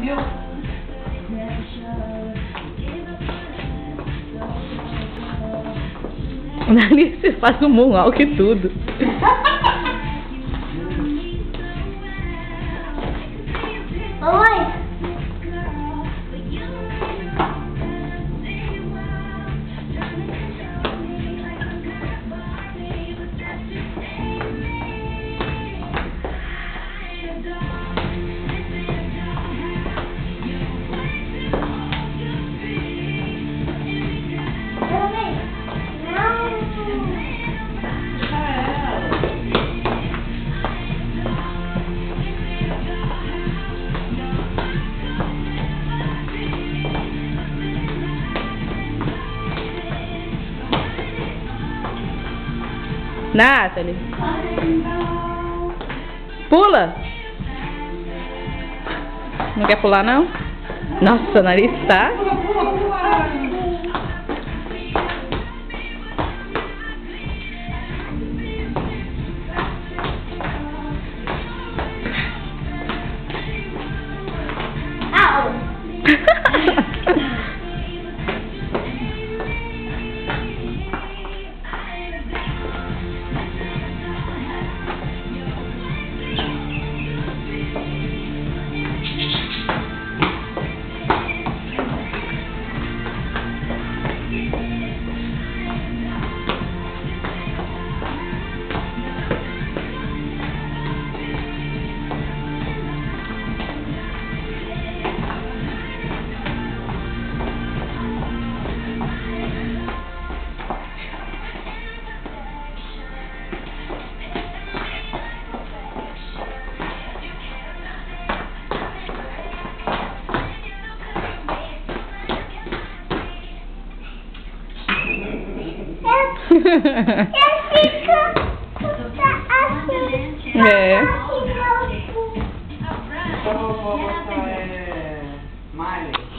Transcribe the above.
viu? O nariz faz um moonwalk e tudo. Nathalie. Pula. Não quer pular, não? Nossa, o nariz tá... Eu fico assim. É. Assim, assim, então, vou é... Miley.